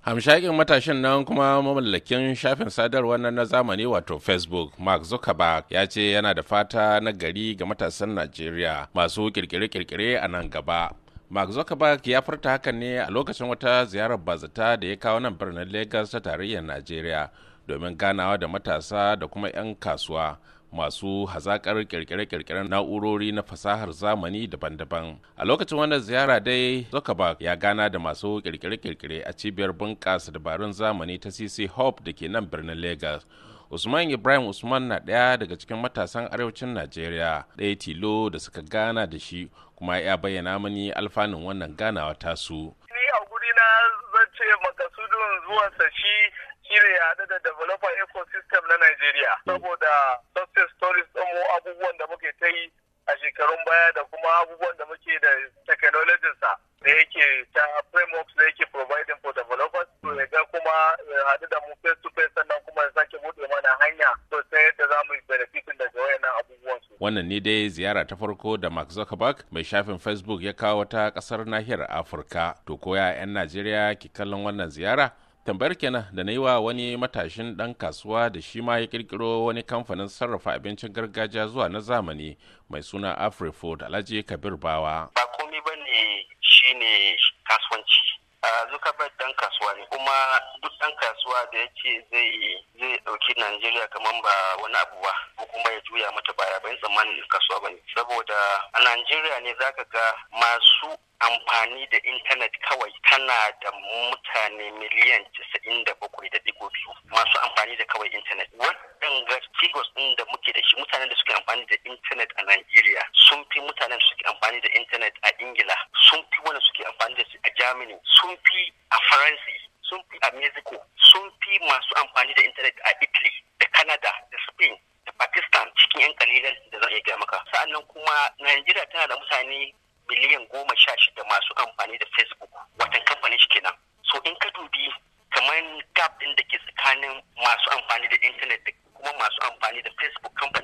hamshakin matashin nan kuma mamallakin shafin sadarwa na zamani wato facebook mark zuckerberg ya ce yana da fata na gari ga matasan najeriya masu kirkire-kirkire a nan gaba mark zuckerberg ya furta hakan ne a lokacin wata ziyarar bazata da ya kawo nan birnin lagos ta tarayyar najeriya domin ganawa da matasa da kuma 'yan kasuwa masu hazakar kirkire-kirkiren na'urori na fasahar zamani daban-daban a lokacin wannan ziyara dai zuckerberg ya gana da masu kirkire-kirkire a cibiyar bunƙasa dabarun zamani ta cc Hope da ke nan birnin lagos usman ibrahim usman na ɗaya daga cikin matasan arewacin najeriya ɗaya tilo da suka gana da shi kuma ya bayyana mani alfanun wannan ganawa tasu ni a guri na zance makasudin zuwansa shi ne ya da developer ecosystem na najeriya hmm. saboda abubuwan da muke ta yi a shekarun baya da kuma abubuwan da muke da sa da yake ta frameworks da yake providing for developers to ya ga kuma haɗu da mu face to face sannan kuma ya sake buɗe mana hanya sosai yadda za mu benefitin daga wayannan abubuwan su. Wannan ne dai ziyara ta farko da Mark Zuckerberg mai shafin Facebook ya kawo ta kasar nahiyar Afirka. To koya 'yan Najeriya ki kallon wannan ziyara? tambayar kenan da na yi wa wani matashin ɗan kasuwa da shi ma ya kirkiro wani kamfanin sarrafa abincin gargajiya zuwa na zamani mai suna afrifood alhaji kabir bawa ba komai ba ne ne kasuwanci ah, zuckerberg dan kasuwa ne kuma duk abubuwa da yake zai zai dauki Najeriya kamar ba wani abu ba ko kuma ya juya mata baya bayan tsammanin kasuwa bane saboda a Najeriya ne zaka ga masu amfani da intanet kawai tana da mutane miliyan 97.2 da bakwai da biyu masu amfani da kawai intanet waɗanda figures ɗin da muke da shi mutanen da suke amfani da intanet a Najeriya sun fi mutanen da suke amfani da intanet a Ingila sun fi wanda suke amfani da shi a Germany sun fi a Faransi sun fi a Mexico fi masu amfani da intanet a Italy da Canada da Spain da Pakistan cikin 'yan kalilan da zan iya gaya maka. Sa'annan kuma Najeriya tana da mutane miliyan goma sha shida masu amfani da Facebook watan kamfanin shi kenan. So in ka dubi kamar gap ɗin da ke tsakanin masu amfani da intanet da kuma masu amfani da Facebook kamfanin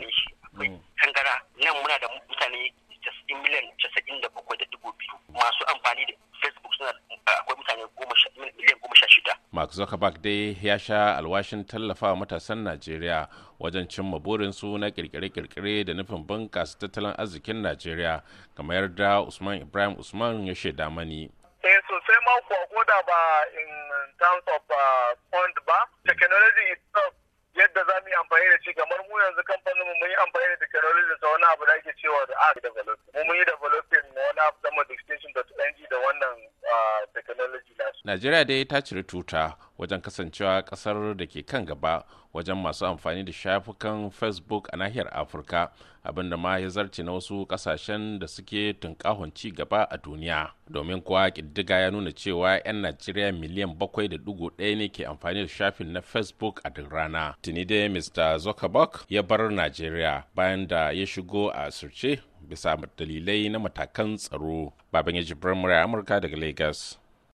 mark zuckerberg dai ya sha alwashin tallafawa matasan najeriya wajen cimma burinsu na kirkire-kirkire da nufin bunƙasa tattalin arzikin najeriya kamar yarda usman ibrahim usman ya shaida mani eh sosai ma ko koda ba in terms of uh, fund ba technology itself yadda za mu yi amfani da shi kamar mu yanzu kamfanin mu mun yi amfani da technology da wani abu da ake cewa da art development mun yi developing na wani abu da modification da da wannan uh, technology najeriya dai ta ciri tuta wajen kasancewa kasar da ke kan gaba wajen masu amfani da shafukan facebook a nahiyar afirka abinda ma ya zarce na wasu kasashen da suke tunkahon ci gaba a duniya domin kuwa ƙiddiga ya nuna cewa 'yan najeriya miliyan bakwai da dugu ɗaya ne ke amfani da shafin na facebook a duk rana tuni dai mr zuckerberg ya bar najeriya bayan da ya shigo a asirce bisa dalilai na matakan tsaro baban ya jibrin murya amurka daga lagos